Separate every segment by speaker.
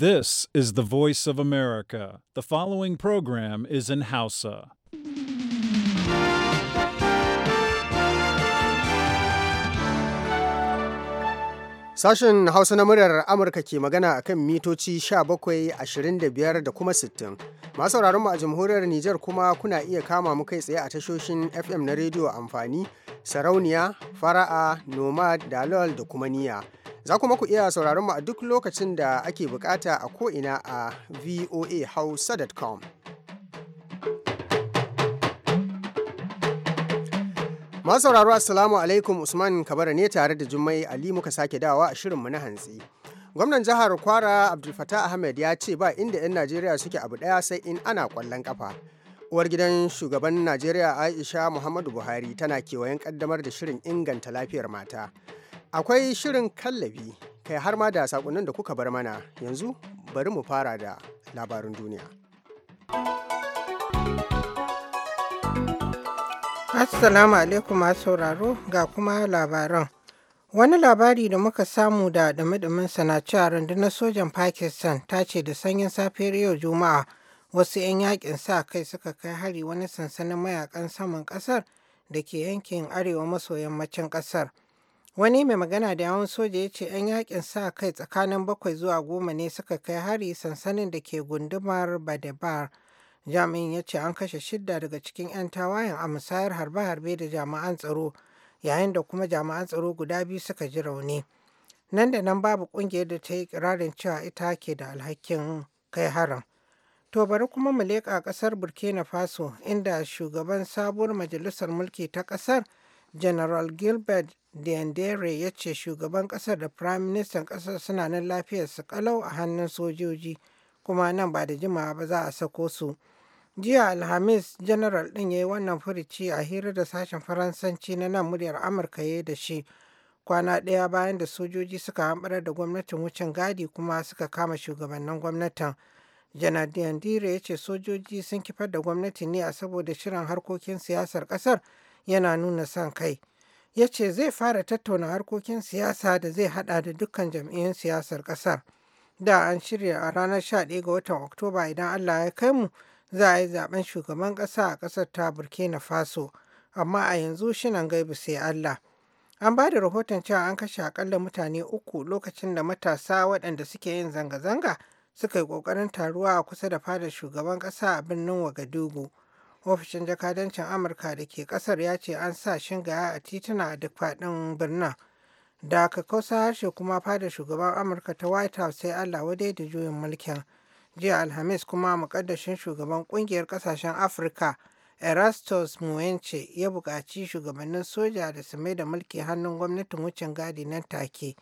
Speaker 1: This is the voice of America. The following program is in Hausa.
Speaker 2: Sashen Hausa na muryar Amurka ke magana a kan mitoci bakwai ashirin da kuma 60. Masu mu a jamhuriyar Nijar kuma kuna iya kama mu kai tsaye a tashoshin FM na rediyo amfani, sarauniya, fara'a, nomad, dalol da kuma Niyya. Za kuma ku iya sauraron mu a duk lokacin da ake bukata a ko'ina a voahausa.com. Masu sauraro Assalamu alaikum Usman Kabara ne tare da Jummai Ali muka sake dawa a shirinmu na hantsi. Gwamnan jihar Kwara Abdulfata Ahmed ya ce ba inda 'yan Najeriya suke abu ɗaya sai in ana kwallon kafa. Uwar gidan shugaban Najeriya Aisha Muhammadu Buhari tana kewayen ƙaddamar da shirin inganta lafiyar mata. Akwai shirin kallabi kai har ma da sakonnin da kuka bar mana yanzu bari mu fara da labarin duniya.
Speaker 3: Assalamu alaikum sauraro ga kuma labaran. Wani labari da muka samu da dumi na cewa rundunar sojan Pakistan ta ce da sanyin safiyar yau Juma'a wasu 'yan yakin sa kai suka kai hari wani sansanin mayakan saman kasar da ke yankin arewa maso yammacin kasar. Wani mai magana da yawon soja ya ce 'yan yakin sa kai tsakanin bakwai zuwa goma ne suka kai hari sansanin da ke gundumar Badebar. Jami'in ya ce an kashe shidda daga cikin 'yan tawayen a musayar harbe-harbe da jami'an tsaro yayin da kuma jami'an tsaro guda biyu suka ji rauni. Nan da nan babu ƙungiyar da ta yi ƙirarin cewa ita ke da alhakin kai harin. To bari kuma mu leƙa ƙasar Burkina Faso inda shugaban sabuwar majalisar mulki ta ƙasar General Gilbert Diendere ya ce shugaban ƙasar da firaministan ƙasar suna nan lafiyarsu kalau a hannun sojoji kuma nan ba da jimawa ba za a sako su. Jiya Alhamis, General ɗin ya yi wannan furici a hira da sashen Faransanci na nan muryar Amurka ya da shi kwana ɗaya bayan da sojoji suka hamɓarar da gwamnatin wucin gadi kuma suka kama shugabannin gwamnatin. Janar Diendere ya ce sojoji sun kifar da gwamnati ne a saboda shirin harkokin siyasar ƙasar yana nuna son kai. ya ce zai fara tattauna harkokin siyasa da zai hada da dukkan jam'iyyun siyasar kasar da an shirya a ranar 11 ga watan oktoba idan allah ya kai mu za a yi zaben shugaban kasa a kasar ta burkina faso amma a yanzu shinan gaibu sai allah an ba da rahoton cewa an kashe akalla mutane uku lokacin da matasa waɗanda suke yin zanga-zanga suka yi ƙoƙarin taruwa a kusa da fadar shugaban ƙasa a birnin wagadugu ofishin jakadancin amurka da ke kasar ya ce an sa shingaya a tituna a duk birnin da kausa harshe kuma fada shugaban amurka ta white house sai allah wadai da juyin mulkin jiya alhamis kuma mukaddashin shugaban kungiyar kasashen afirka erastus muwence ya buƙaci shugabannin soja da su da mulki hannun gwamnatin wucin gadi nan take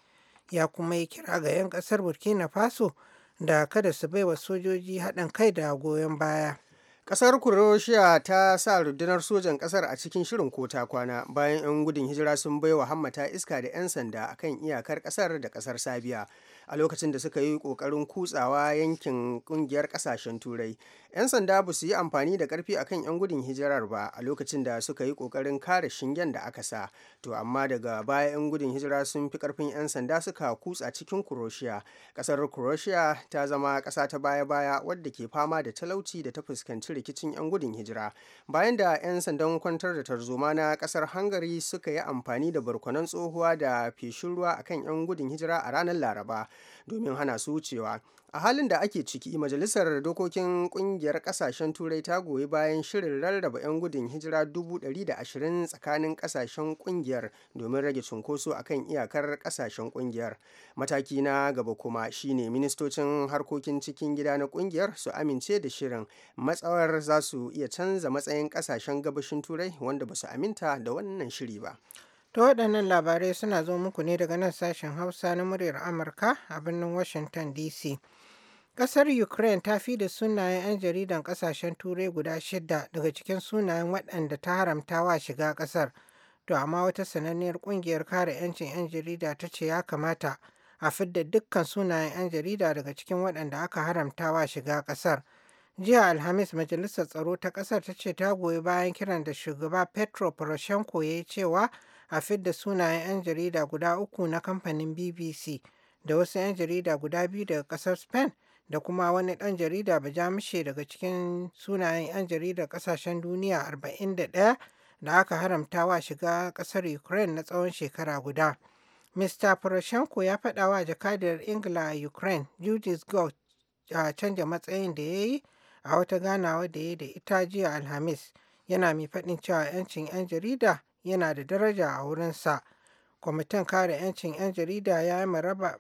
Speaker 3: ya kuma yi kira ga 'yan ƙasar burkina faso da kada su baiwa sojoji haɗin kai da goyon baya Kasar Kuroshiya
Speaker 2: ta sa rundunar sojan kasar a cikin shirin kota kwana bayan 'yan gudun hijira sun bai wa hammata iska da 'yan sanda a kan iyakar kasar da kasar Sabiya a lokacin da suka yi kokarin kutsawa yankin kungiyar kasashen turai 'yan sanda ba su yi amfani da karfi akan 'yan gudun hijirar ba a lokacin da suka yi kokarin kare shingen da aka sa to amma daga baya 'yan gudun hijira sun fi karfin 'yan sanda suka kutsa cikin kuroshiya kasar kuroshiya ta zama kasa ta baya-baya wadda ke fama da talauci da ta fuskanci rikicin 'yan gudun hijira bayan da 'yan sandan kwantar da tarzoma na kasar hangari suka yi amfani da barkwanan tsohuwa da feshin ruwa akan 'yan gudun hijira a ranar laraba domin hana su wucewa a halin da ake ciki majalisar dokokin kungiyar ƙungiyar ƙasashen turai ta goyi bayan shirin rarraba 'yan gudun hijira 120 tsakanin ƙasashen ƙungiyar domin rage cunkoso a kan iyakar ƙasashen ƙungiyar mataki na gaba kuma shine ministocin harkokin cikin gida na ƙungiyar su amince da shirin matsawar za su iya canza matsayin ƙasashen gabashin turai wanda ba su aminta da wannan shiri ba
Speaker 3: To waɗannan labarai suna zo muku ne daga nan sashen Hausa na muryar Amurka a birnin Washington DC. Ƙasar Ukraine ta fi da sunayen 'yan jaridan ƙasashen Turai guda shidda, daga cikin sunayen waɗanda ta haramta wa shiga ƙasar. To amma wata sananniyar ƙungiyar kare 'yancin 'yan jarida ta ce ya kamata a fidda dukkan sunayen 'yan jarida daga cikin waɗanda aka haramta wa shiga ƙasar. Jiya Alhamis Majalisar Tsaro ta ƙasar ta ce ta goyi bayan kiran da shugaba Petro Poroshenko ya yi cewa a fidda sunayen 'yan jarida guda uku na kamfanin BBC da wasu 'yan jarida guda biyu daga ƙasar Spain da kuma wani ɗan jarida Bajamushe daga cikin sunayen 'yan jaridar ƙasashen duniya 41 da aka haramta wa shiga ƙasar Ukraine na tsawon shekara guda. Mr. Poroshenko ya faɗa wa jakadiyar Ingila a Ukraine, Judith Gold, a canja matsayin da ya yi a wata ganawa da ya da ita jiya Alhamis, yana mai faɗin cewa 'yancin 'yan jarida yana da daraja a wurinsa. kwamitin kare 'yancin 'yan jarida ya yi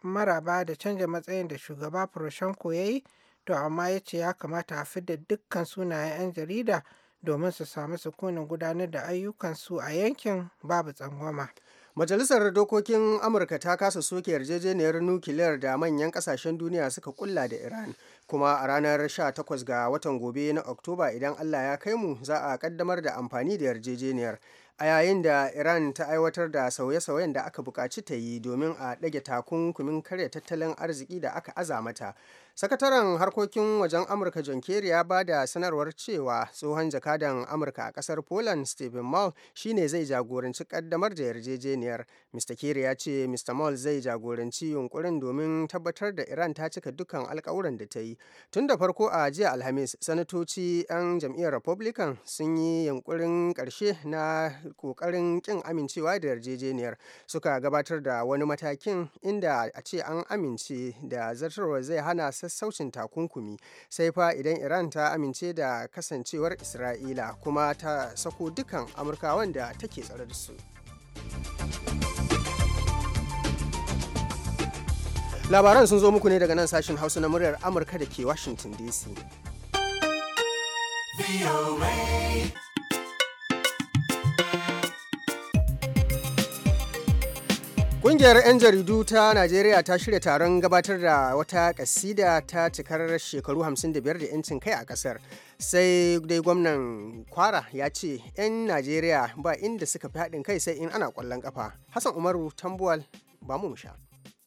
Speaker 3: maraba da canja matsayin da shugaba poroshenko ya yi to amma ya ce ya kamata a fidda dukkan sunayen 'yan jarida domin su samu sukunin gudanar da ayyukansu a yankin babu tsangwama. Majalisar
Speaker 2: Dokokin Amurka ta kasa soke yarjejeniyar nukiliyar da manyan kasashen duniya suka kulla da Iran, kuma a ranar 18 ga watan gobe na Oktoba idan Allah ya kai mu za a kaddamar da amfani da yarjejeniyar. a yayin da iran ta aiwatar da sauye-sauyen da aka bukaci ta yi domin a ɗage takunkumin karya tattalin arziki da aka aza mata sakataren harkokin wajen amurka john kerry ya ba da sanarwar cewa tsohon jakadan amurka a kasar poland stephen mall shine zai jagoranci kaddamar da yarjejeniyar mr kerry ya ce mr mall zai jagoranci yunkurin domin tabbatar da iran ta cika dukkan alkawuran da ta yi tun da farko a jiya alhamis sanatoci 'yan jam'iyyar republican sun yi yunkurin karshe na kokarin kin amincewa da yarjejeniyar suka gabatar da wani matakin inda a ce an amince da zartarwa zai hana sassaucin takunkumi sai fa idan iran ta amince da kasancewar isra'ila kuma ta sako dukan amurkawan da take tsare da su labaran sun zo muku ne daga nan sashen hausa na muryar amurka da ke washington dc Ƙungiyar 'yan jaridu ta Najeriya ta shirya taron gabatar da wata kasida ta cikar shekaru 55 da 'yancin kai a ƙasar. Sai dai gwamnan Kwara ya ce 'yan Najeriya ba inda suka fi haɗin kai sai in ana ƙwallon ƙafa. Hassan Umaru Tambuwal ba mu sha.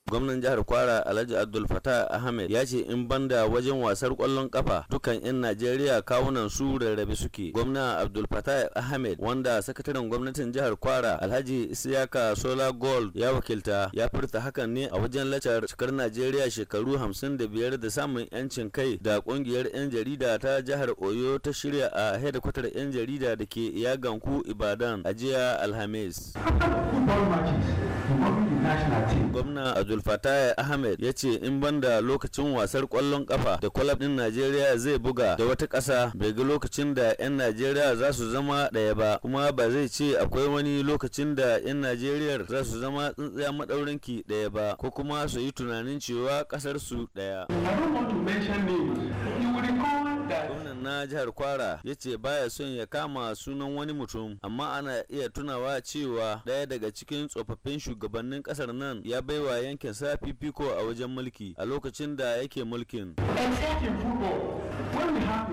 Speaker 4: gwamnan jihar kwara alhaji abdul fatah ahmed ya ce in banda wajen wasar kwallon kafa dukan 'yan najeriya kawunan su rarrabe suke gwamna abdul fatah ahmed wanda sakataren gwamnatin jihar kwara alhaji isiyaka sola gold ya wakilta ya furta hakan ne a wajen lacar cikar najeriya shekaru hamsin da biyar da samun yancin kai da kungiyar 'yan jarida ta jihar oyo ta shirya a hedkwatar 'yan jarida da ke iyaganku ibadan a jiya alhamis Gwamna Abdul Ahmed ya ce in banda lokacin wasar kwallon kafa da kwalab din Najeriya zai buga da wata ƙasa bai ga lokacin da 'yan Najeriya za su zama ɗaya ba kuma ba zai ce akwai wani lokacin da 'yan Najeriya za su zama tsintsiya madaurinki ɗaya ba ko kuma su yi tunanin cewa ƙasar su ɗaya. na jihar Kwara ya ce baya son ya kama sunan wani mutum amma ana iya tunawa cewa ɗaya daga cikin tsofaffin shugabannin ƙasar nan ya baiwa yankin sa fifiko a wajen mulki a lokacin da yake mulkin.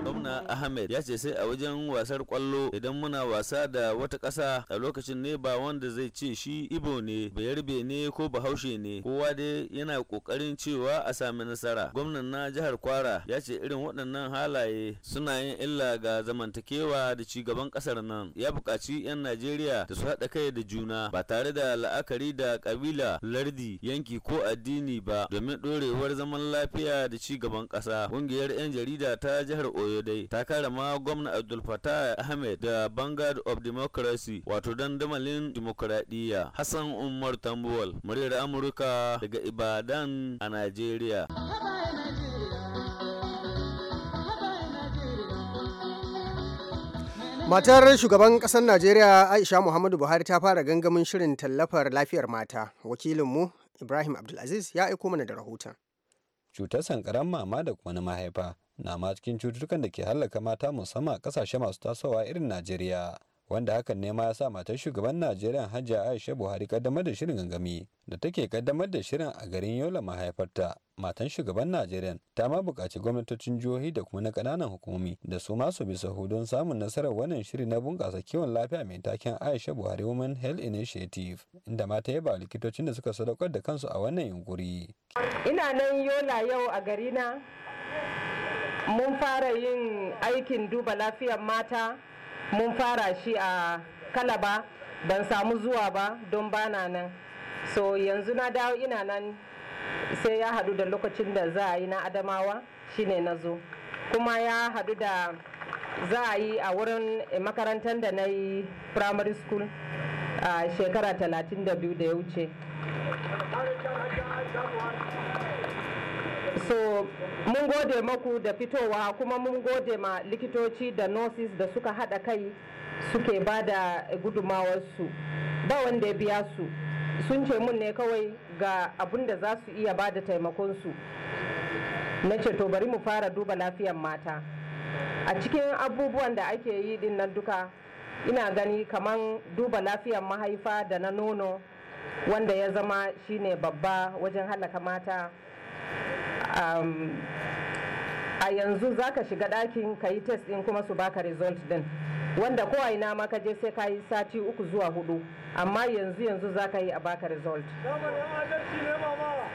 Speaker 4: Gwamna Ahmed ya ce sai a wajen wasar kwallo idan muna wasa da wata ƙasa a lokacin ne ba wanda zai ce shi Ibo ne, Bayarbe ne ko Bahaushe ne, kowa dai yana ƙoƙarin cewa a sami nasara. Gwamnan na jihar Kwara ya ce irin waɗannan halaye suna suna yin illa ga zamantakewa da ci gaban kasar nan ya buƙaci 'yan najeriya da su haɗa kai da juna ba tare da la'akari da ƙabila lardi yanki ko addini ba domin ɗorewar zaman lafiya da ci gaban ƙasa ƙungiyar 'yan jarida ta jihar oyo dai ta kare gwamna abdul fatah ahmed da vanguard of democracy wato dandamalin dimokuraɗiyya hassan umar tambuwal muryar amurka daga ibadan a najeriya
Speaker 5: Matar
Speaker 2: shugaban ƙasar Najeriya Aisha Muhammadu Buhari ta fara gangamin shirin tallafar lafiyar mata. Wakilinmu Ibrahim Abdulaziz ya aiko mana da rahoton.
Speaker 6: Cutar sankaran mama da kuma na mahaifa na ma cikin cututtukan da ke hallaka mata musamman a ƙasashe masu tasowa irin Najeriya. wanda hakan ne ma ya sa matar shugaban najeriya hajiya aisha buhari kaddamar da shirin gangami da take kaddamar da shirin a garin yola mahaifarta matan shugaban najeriya ta ma buƙaci gwamnatocin jihohi da kuma na ƙananan hukumomi da su ma su bi sahu don samun nasarar wannan shiri na bunƙasa kiwon lafiya mai taken aisha buhari women health initiative inda ma ta yaba likitocin da suka sadaukar da kansu a wannan yunkuri
Speaker 1: ina nan yola yau a garina mun fara yin aikin duba lafiyar mata mun fara shi a kalaba ban samu zuwa ba don bana nan so yanzu na dawo ina nan sai ya hadu da lokacin da za a yi na adamawa shine na zo kuma ya hadu da za a yi a wurin makarantar da na yi primary school a shekara 32 da ya wuce so mun gode maku da fitowa kuma mun gode ma likitoci da nurses da suka hada kai suke ba da gudumawarsu ba wanda ya biya su sun ce mun ne kawai ga abun da za su iya ba da taimakonsu na ce to bari mu fara duba lafiyan mata a cikin abubuwan da ake yi din nan duka ina gani kaman duba lafiyan mahaifa da na nono wanda ya zama shine babba wajen halaka mata Um, a yanzu za ka shiga ɗakin ka yi test ɗin kuma su baka result ɗin wanda ko aina ma ka je sai ka yi sati uku zuwa hudu amma yanzu yanzu za ka yi a baka result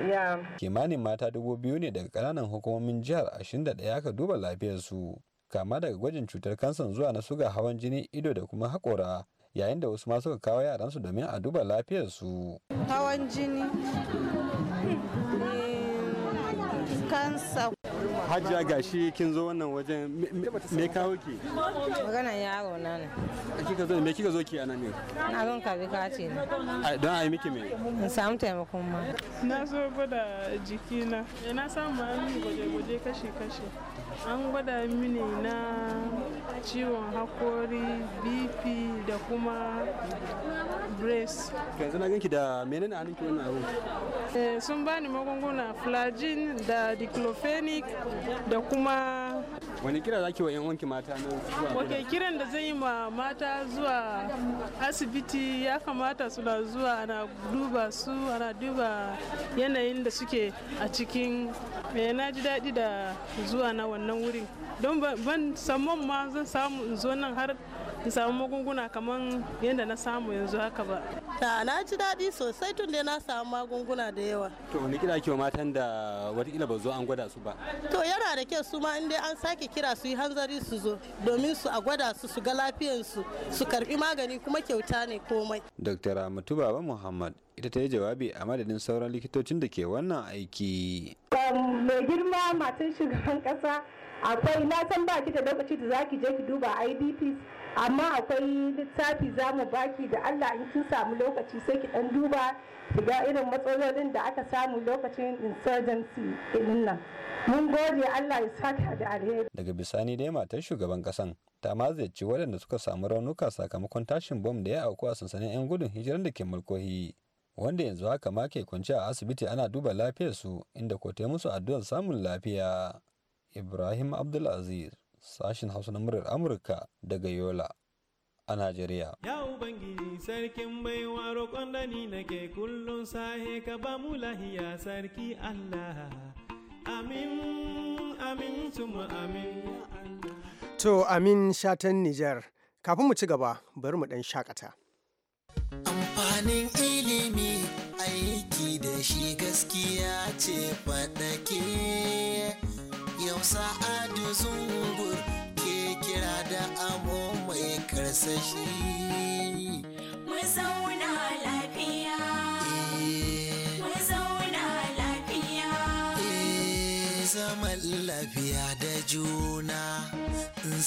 Speaker 6: yeah. kimanin mata dubu biyu ne daga ƙananan hukumomin jihar 21 ka duba lafiyarsu kama daga gwajin cutar kansan zuwa na suga hawan jini ido da kuma haƙora yayin da wasu ma suka kawo yaransu domin a duba lafiyarsu
Speaker 7: hawan jini kansa
Speaker 1: hajiya
Speaker 6: gashi kin zo wannan wajen me kawo ki
Speaker 1: magana yaro na ne
Speaker 6: kika zo me kika zo ki anan ne
Speaker 1: na zo ka bika ce ne
Speaker 6: don a yi miki me
Speaker 8: in
Speaker 1: samu taimakon ma na
Speaker 8: zo gwada jikina eh, na samu an gwaje-gwaje kashi-kashi an gwada mini na ciwon hakori bp da kuma breast.
Speaker 6: yanzu na ganki da menene a hannunki wannan abu
Speaker 8: eh, sun bani magunguna flagin da diclofenic
Speaker 6: da kuma wani kira ki wa 'yan mata na zuwa ok
Speaker 8: kiran da zai yi ma mata zuwa asibiti ya kamata suna zuwa ana duba su ana duba yanayin da suke a cikin na ji daɗi da zuwa na wannan wurin don ban samman ma zan samu in zo nan har in samu magunguna kamar yadda na samu yanzu haka ba
Speaker 1: ta na ji daɗi sosai tun da na samu magunguna da yawa
Speaker 6: to wani kira kiwa matan da watakila ba zo an gwada su ba
Speaker 1: to yana da kyau su ma in dai an sake kira su yi hanzari su zo domin su a gwada su su ga lafiyansu su karbi magani kuma kyauta ne komai
Speaker 6: dr ramatu baba muhammad ita ta yi jawabi a madadin sauran likitocin da ke wannan aiki
Speaker 1: mai girma matan shugaban kasa akwai na san ba ki da lokaci da za ki je ki duba I.D.P. amma akwai littafi za mu baki da allah in kin samu lokaci sai ki dan duba ga irin matsalolin da aka samu lokacin insurgency ɗin nan mun gode allah ya saka da alheri
Speaker 6: daga bisani dai matar shugaban kasan ta mazaici waɗanda suka samu raunuka sakamakon tashin bom da ya auku a sansanin 'yan gudun hijirar da ke mulkohi wanda yanzu haka ma ke kwance a asibiti ana duba lafiyarsu inda ko musu addu'ar samun lafiya ibrahim abdulaziz Sashen hausa na muryar amurka daga yola a najeriya
Speaker 4: ya ubangiji sarkin baiwa roƙon da ni nake kullum sahe ka ba mu lahiya sarki allah amin amin tumu amin
Speaker 2: to amin shatan nijar kafin mu ci gaba bari mu ɗan shakata
Speaker 4: amfanin ilimi
Speaker 9: aiki da shi gaskiya ce faɗake yau sa'adu zungur ke kira da abu mai karsashi Mun zauna
Speaker 5: lafiya eh. Mun zauna lafiya
Speaker 9: eh, zaman lafiya da juna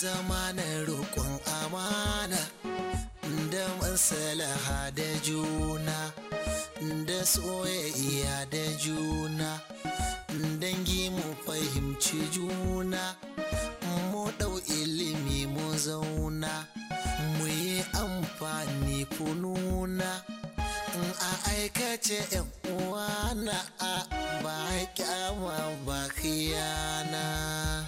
Speaker 9: zama na roƙon amana da masalaha da juna da soyayya da juna dangi mu fahimci juna mu ɗau ilimi mu zauna mu yi amfani kununa in a aikace uwa na a ba kyawa ba khiyana.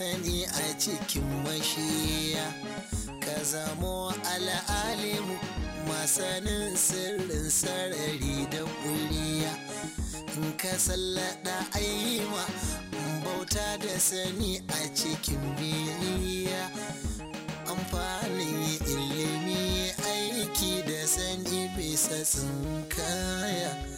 Speaker 9: sani a cikin mashiya ka zamo al'alimu masanin sirrin sarari da kuriya in ka sallada ayyima bauta da sani a cikin biyayya amfanin ilimi aiki da sani bisa tsinkaya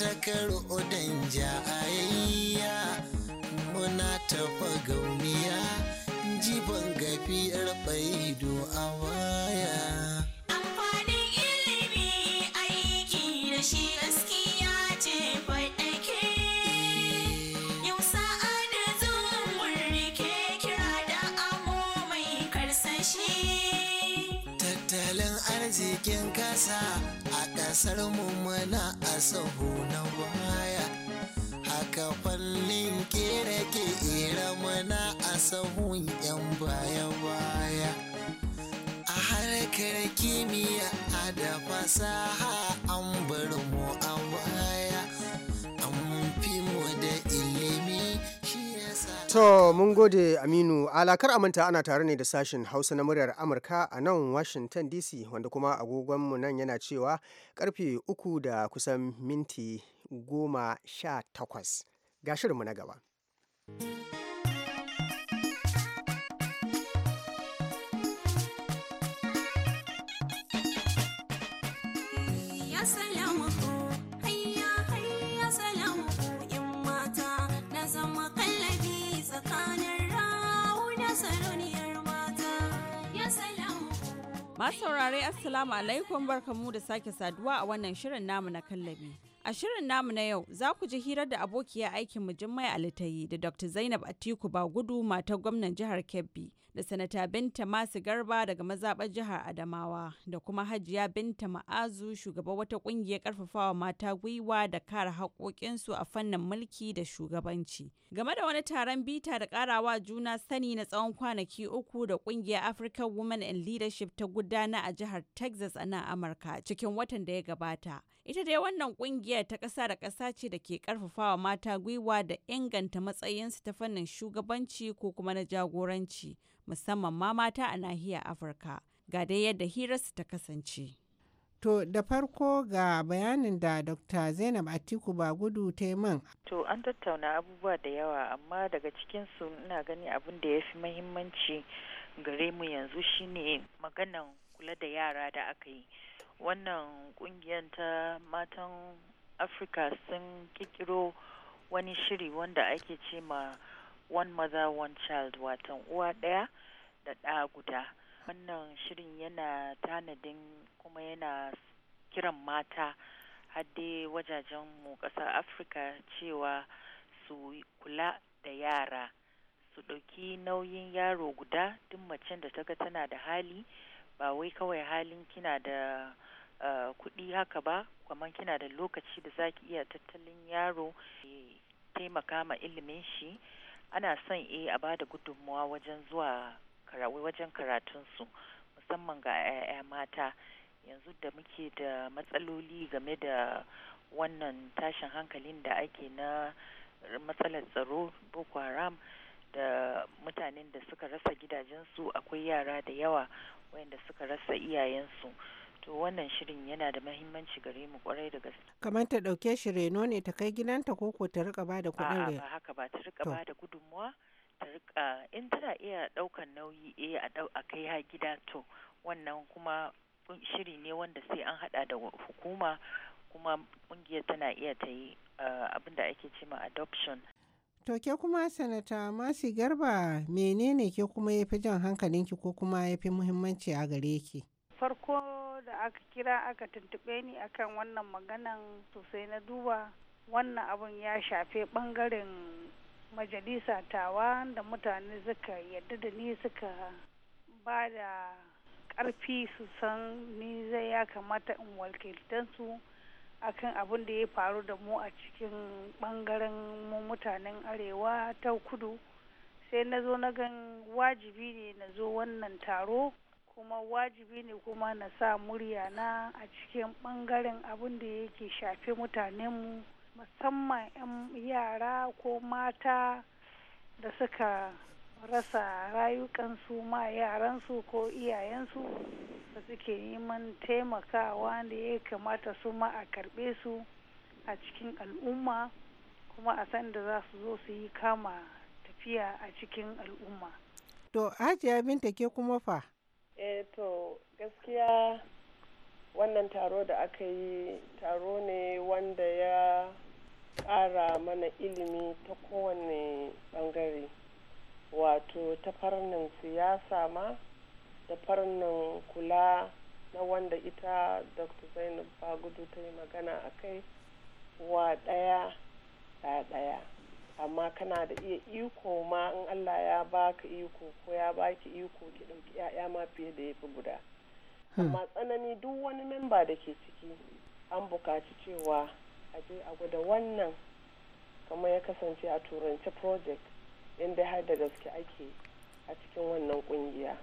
Speaker 9: ta karo dan jayayya muna tafa gauniya jiban gafiyar baido a waya amfanin ilimi
Speaker 5: aiki da shi gaskiya ce faɗake eh. yau sa'a da zuwan kira da amo mai ƙarsashi.
Speaker 9: tattalin arzikin ƙasa. kasar mu muna a sahu na baya haka fallin kere ke ira mana a sahun yan baya baya a harkar kimiyya a da fasaha an bar mu a
Speaker 2: To mun gode Aminu alakar amanta ana tare ne da sashen Hausa na muryar Amurka a nan Washington DC wanda kuma agogonmu nan yana cewa karfe uku da kusan minti goma sha takwas ga na gaba.
Speaker 7: Masu saurare Assalamu alaikum barkamu da sake saduwa a wannan shirin namu na kallabi. A shirin namu na yau za ku ji hirar da abokiya aikin mu Jummai Alitayi da Dr. Zainab Atiku Bagudu matar gwamnan jihar Kebbi da sanata binta masu garba daga mazaɓar jihar adamawa da kuma hajiya binta ma'azu shugaba wata ƙungiyar ƙarfafawa mata gwiwa da kare haƙoƙinsu a fannin mulki da shugabanci game da wani taron bita da ƙarawa juna sani na tsawon kwanaki uku da ƙungiyar african women in leadership ta gudana a jihar texas a nan amurka cikin watan da ya gabata Ita dai wannan kungiyar ta ƙasa da ƙasa ce da ke ƙarfafawa mata gwiwa da inganta matsayin su ta fannin shugabanci ko kuma na jagoranci, musamman ma mata a nahiyar Afirka. Ga dai yadda hirarsu ta kasance.
Speaker 3: To da farko ga bayanin da Dr. Zainab Atiku Bagudu ta yi man.
Speaker 7: To an tattauna abubuwa da
Speaker 10: yawa amma daga cikinsu ina gani abin da ya fi mahimmanci gare mu yanzu shine maganan kula da yara da aka yi. wannan kungiyar ta matan afirka sun kikiro wani shiri wanda ake ce ma one mother one child watan uwa daya da ɗa guda wannan shirin yana tanadin kuma yana kiran mata hadde wajajen mu ƙasar afirka cewa su kula da yara su ɗauki nauyin yaro guda duk macen da ta ga tana da hali ba wai kawai halin kina da kuɗi haka ba kamar kina da lokaci da za ki iya tattalin yaro taimaka ma ilimin shi ana son eh a bada gudunmuwa wajen zuwa wajen karatunsu musamman ga 'ya'ya mata yanzu da muke da matsaloli game da wannan tashin hankalin da ake na matsalar tsaro boko haram da mutanen da suka rasa gidajensu akwai yara da yawa wayanda suka rasa iyayensu to wannan shirin yana da mahimmanci gare mu kwarai da gaske
Speaker 3: kamar ta dauke shi reno ne ta kai gidanta ko ko ta rika bada kuɗin ba
Speaker 10: haka ba ta rika bada gudunmuwa ta rika in tana iya ɗaukan nauyi eh a kai ha gida to wannan kuma shiri ne wanda sai an haɗa da hukuma kuma kungiyar tana iya ta yi eh, abin da ake ce adoption To
Speaker 3: ke kuma sanata masu Garba menene ke kuma ya fi jan hankalinki ko kuma ya fi muhimmanci a gare ki?
Speaker 10: Farko da aka kira aka tuntube ni akan wannan maganan sosai na duba wannan abun ya shafe bangaren majalisa tawa da mutane suka yadda da ni suka ba da ƙarfi su san ni zai ya kamata in su akan abun da ya faru da mu a cikin bangaren mu mutanen arewa ta kudu sai na zo na gan wajibi ne na zo wannan taro kuma wajibi ne kuma na sa murya na a cikin ɓangaren abin da yake shafi mutanenmu musamman 'yan yara ko mata da suka rasa rayukansu ma yaransu ko iyayensu da suke neman taimakawa da ya kamata su ma a karɓe su a cikin al'umma kuma a san da za su zo su yi kama tafiya a cikin al'umma.
Speaker 3: To, Hajiya Binta ke kuma fa?
Speaker 8: eh to gaskiya wannan taro da aka yi taro ne wanda ya ƙara mana ilimi ta kowane bangare wato ta farnin siyasa ma da farnin kula na wanda ita dr zainab bagudu ta yi magana a kai wa ɗaya ɗaya amma kana da iya iko ma in Allah ya baka iko ko ya baki iko ki ɗauki 'ya'ya ma fiye da yafi guda hmm. amma tsanani duk wani memba da ke ciki an bukaci cewa a je a gwada wannan kamar ya kasance a turance project inda har da gaske ake a cikin wannan kungiya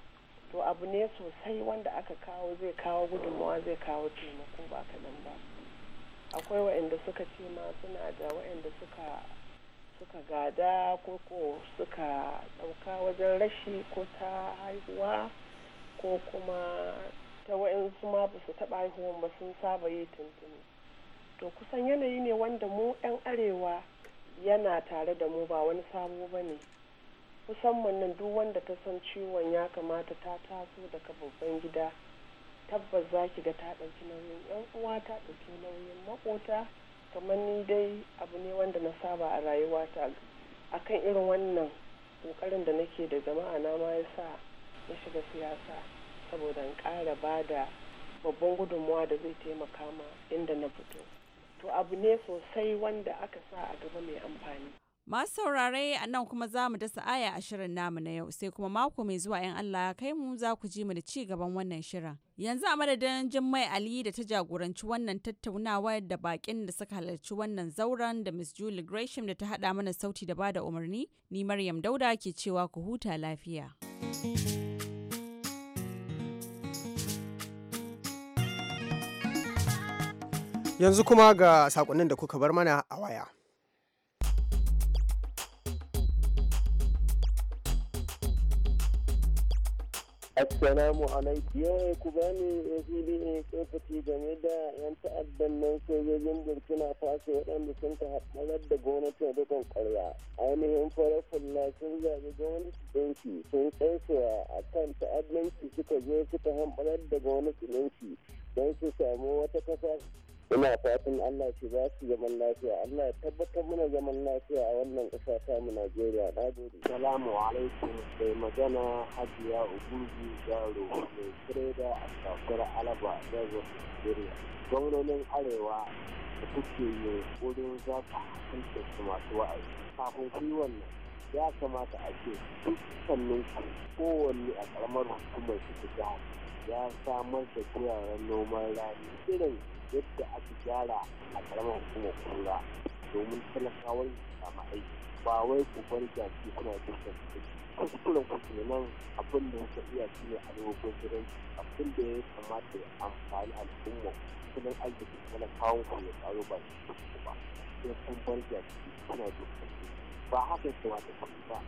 Speaker 8: to abu ne sosai wanda aka kawo zai kawo gudunmawa zai kawo taimako ba kaɗan ba akwai waɗanda suka ce ma suna da waɗanda suka suka gada ko suka ɗauka wajen rashi ko ta haihuwa ko kuma ta wa'insu ma ba su taɓa haihuwa ba sun saba yi tuntuni to kusan yanayi ne wanda mu 'yan arewa yana tare da mu ba wani sabo ba ne musamman nan duk wanda ta san ciwon ya kamata ta taso daga babban gida tabbas za ki ga ta ɗauki nauyin 'yan uwa ta ɗauki nauyin maƙota kamar ni dai abu ne wanda na saba a rayuwa rayuwata akan irin wannan kokarin da nake da jama'a na ma ya sa na shiga siyasa saboda in ƙara ba da babban gudunmawa da zai taimaka ma inda na fito to abu ne sosai wanda aka sa a gaba mai amfani
Speaker 7: Masu saurare a nan kuma za mu dasa aya a shirin namu na yau sai kuma mako mai zuwa ‘yan Allah kai mu za ku ji mu da ci gaban wannan shirin. Yanzu a madadin Jummai Ali da ta jagoranci wannan tattaunawa da bakin da suka halarci wannan zauren da Miss Julie Gresham da ta haɗa mana sauti da bada umarni, ni Maryam Dauda ke cewa ku huta lafiya.
Speaker 2: Yanzu kuma ga sakonnin da kuka bar mana
Speaker 3: a waya. Assalamu
Speaker 2: alaikum
Speaker 11: yau ku bani fili in tsofaci game da yan ta'addan nan
Speaker 8: sojojin Burkina Faso waɗanda sun ka haɗarar da gwamnatin dukkan ƙarya. Ainihin fara fulla sun zaɓi gwamnati ɗinki sun tsaisowa a kan ta'addanci suka zo suka haɗarar da gwamnati ɗinki don su samu wata kasa
Speaker 4: ina fatan
Speaker 8: allah ce ba su zaman lafiya allah ya tabbatar mana zaman lafiya a wannan ƙasa ta mu najeriya na gode salamu alaikum mai magana hajiya uguji Garo mai kireda a kasuwar alaba daga nigeria gwamnonin arewa da kuke yi wurin za ka hankalta su masu wa'azi kafin ku yi wannan ya kamata a ce dukkanin ku kowanne a karamar hukumar su ta ya samar da turaren noman rani irin yadda aka gyara a karamar hukumar kura domin talakawar samu aiki ba wai ku
Speaker 11: bar jaki kuna dukkan kuskuren kuskure nan abin da ya iya shi ne a lokacin jiran abin da ya kamata ya amfani al'umma kusurin arziki talakawan
Speaker 8: ku ya tsaro ba shi ba sai kun bar jaki kuna dukkan ba haka ya kamata ku ba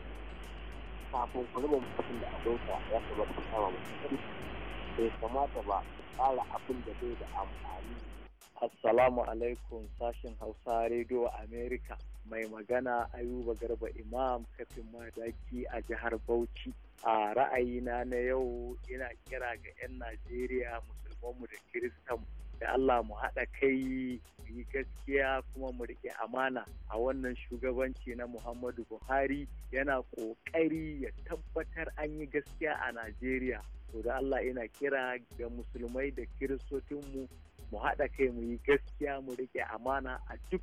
Speaker 8: kafin ku mutum da abinka ya kamata ku kama mutum
Speaker 11: bai kamata ba tsara abin da bai da amfani Assalamu alaikum sashen Hausa Radio America mai magana Ayuba Garba Imam kafin madaki a jihar Bauchi. A ra'ayina na yau ina kira ga 'yan Najeriya musulmanmu da Kiristanmu da Allah mu haɗa kai yi gaskiya kuma mu riƙe amana a wannan shugabanci na Muhammadu Buhari yana ƙoƙari ya tabbatar an yi gaskiya a Najeriya. To da Allah ina kira ga musulmai da kiristocinmu mu haɗa kai mu yi gaskiya mu rike amana a duk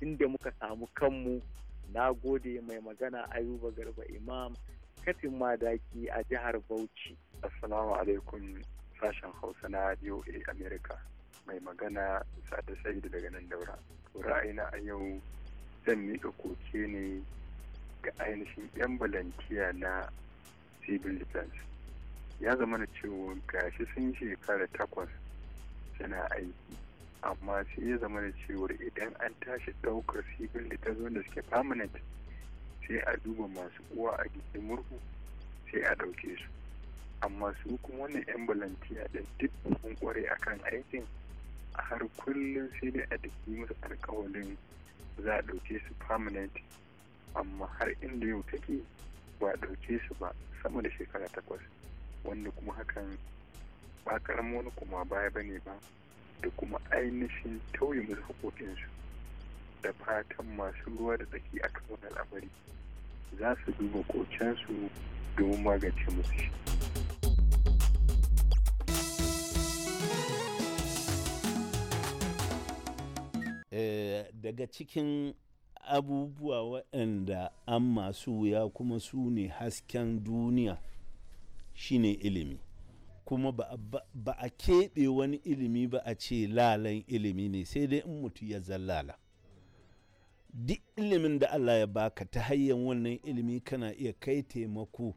Speaker 11: inda muka samu kanmu na gode mai magana ayuba garba imam katin madaki a jihar bauchi assalamu alaikum sashen hausa na a america
Speaker 4: mai magana
Speaker 11: sada sa'idu daga nan daura ra'ayina a yau zan miƙa koke ne ga ainihin 'yan balantiya na civil defense ya zama na cewa gashi sun shekara takwas suna aiki amma sai ya zama da cewa idan an tashi ɗaukar sigar da ta zo da suke permanent sai a duba masu uwa a jikin murhu sai a ɗauke su amma su kuma wannan yan balantiya da duk sun kware akan aikin a har kullum sai dai a daki musu alkawalin za a ɗauke su permanent amma har inda yau take ba a ɗauke su ba sama da shekara takwas wanda kuma hakan ba karamin wani kuma baya ba ne ba da kuma ainihin tauye musu hukukinsu da fatan masu ruwa da tsaki a kan wani al'amari za su duba kocensu domin magance musu shi.
Speaker 4: Eh, daga cikin abubuwa waɗanda an masu wuya kuma su ne hasken duniya shine ilimi kuma ba a keɓe wani ilimi ba a ce lalan ilimi ne sai dai in mutu ya zallala duk ilimin da Allah ya baka ta hanyar wannan ilimi kana iya kai taimako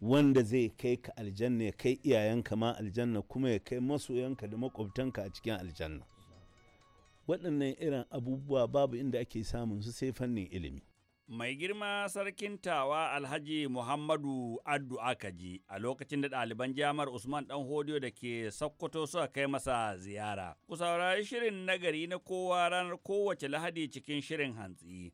Speaker 4: wanda zai kai ka aljanna ya kai iyayenka ma aljanna kuma ya kai masoyanka da makwabtanka a cikin aljanna waɗannan irin abubuwa babu inda ake samun su sai fannin ilimi
Speaker 6: Mai girma sarkin tawa Alhaji Muhammadu Addu Akaji a lokacin da ɗaliban Jamar Usman ɗan Hodiyo da ke Sokoto suka kai masa ziyara. Ku saurari shirin nagari na kowa ranar kowace lahadi cikin shirin hantsi.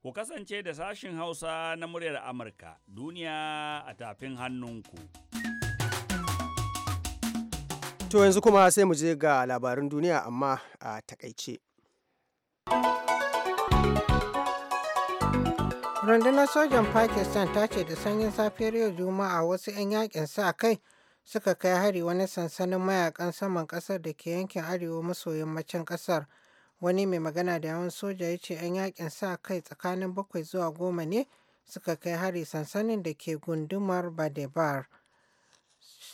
Speaker 6: Ku kasance da sashin Hausa na muryar Amurka, duniya a tafin hannunku.
Speaker 2: To yanzu kuma sai mu je ga labarin duniya amma a takaice.
Speaker 3: rundunar sojan pakistan ta ce da sanyin safiyar yau juma'a wasu 'yan yakin sa kai suka kai hari wani sansanin mayakan saman kasar da ke yankin arewa maso yammacin kasar wani mai magana da yawan soja ya ce 'yan yakin sa kai tsakanin bakwai zuwa goma ne suka kai hari sansanin da ke gundumar badebar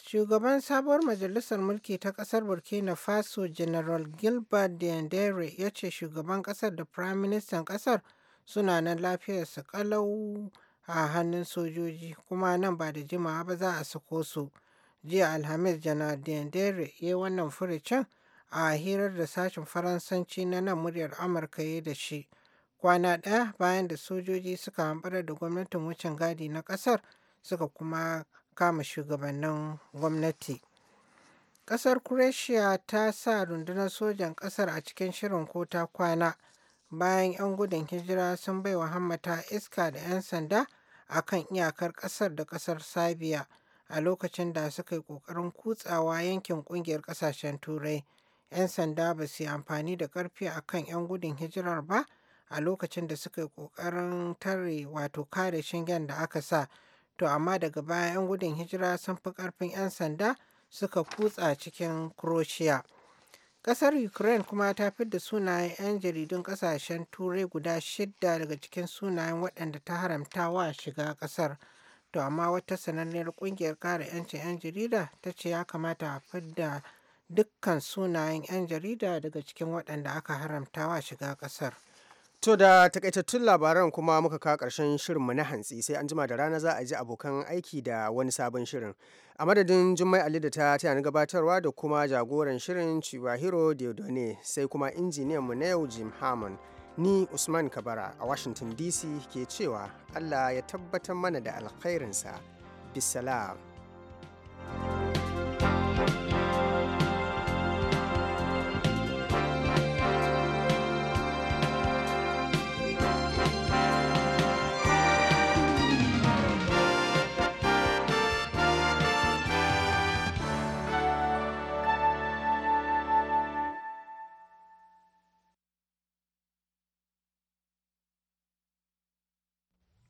Speaker 3: shugaban sabuwar majalisar mulki ta kasar burkina faso general gilbert dendere ya ce shugaban kasar da prime ministan kasar suna nan lafiyarsu ƙalau a hannun sojoji kuma nan ba da jimawa ba za a sako su jiya alhamis janar dendere ya wannan furucin a hirar da sashen faransanci na nan muryar amurka ya da shi kwana ɗaya bayan da sojoji suka hambara da gwamnatin wucin gadi na ƙasar suka kuma kama shugabannin gwamnati ƙasar croatia ta sa rundunar sojan ƙasar a cikin shirin ko ta kwana bayan 'yan gudun hijira sun bai wa hammata iska da 'yan sanda a kan iyakar ƙasar da ƙasar Sabiya a lokacin da suka yi ƙoƙarin kutsawa yankin ƙungiyar ƙasashen Turai. 'Yan sanda ba su yi amfani da ƙarfi a kan 'yan gudun hijirar ba a lokacin da suka yi ƙoƙarin tare wato kare shingen da aka sa. To amma daga baya 'yan gudun hijira sun fi ƙarfin 'yan sanda suka kutsa cikin Croatia. Kasar Ukraine kuma ta da sunayen 'yan jaridun kasashen Turai guda shidda daga cikin sunayen waɗanda ta haramta wa shiga kasar. To amma wata sananniyar kungiyar kare 'yancin 'yan jarida ta ce ya kamata a da dukkan sunayen 'yan jarida daga cikin waɗanda aka haramta wa shiga kasar.
Speaker 2: To da takaitattun labaran kuma muka kawo ƙarshen mu na hantsi sai an jima da rana za a ji abokan aiki da wani sabon shirin. A madadin Jummai Ali da ta tana gabatarwa da kuma jagoran shirin Chiwahiro Deodone sai kuma injiniyan mu na yau Jim Hammond. Ni Usman Kabara a Washington DC ke cewa Allah ya tabbatar mana da alkhairinsa. Bisalam.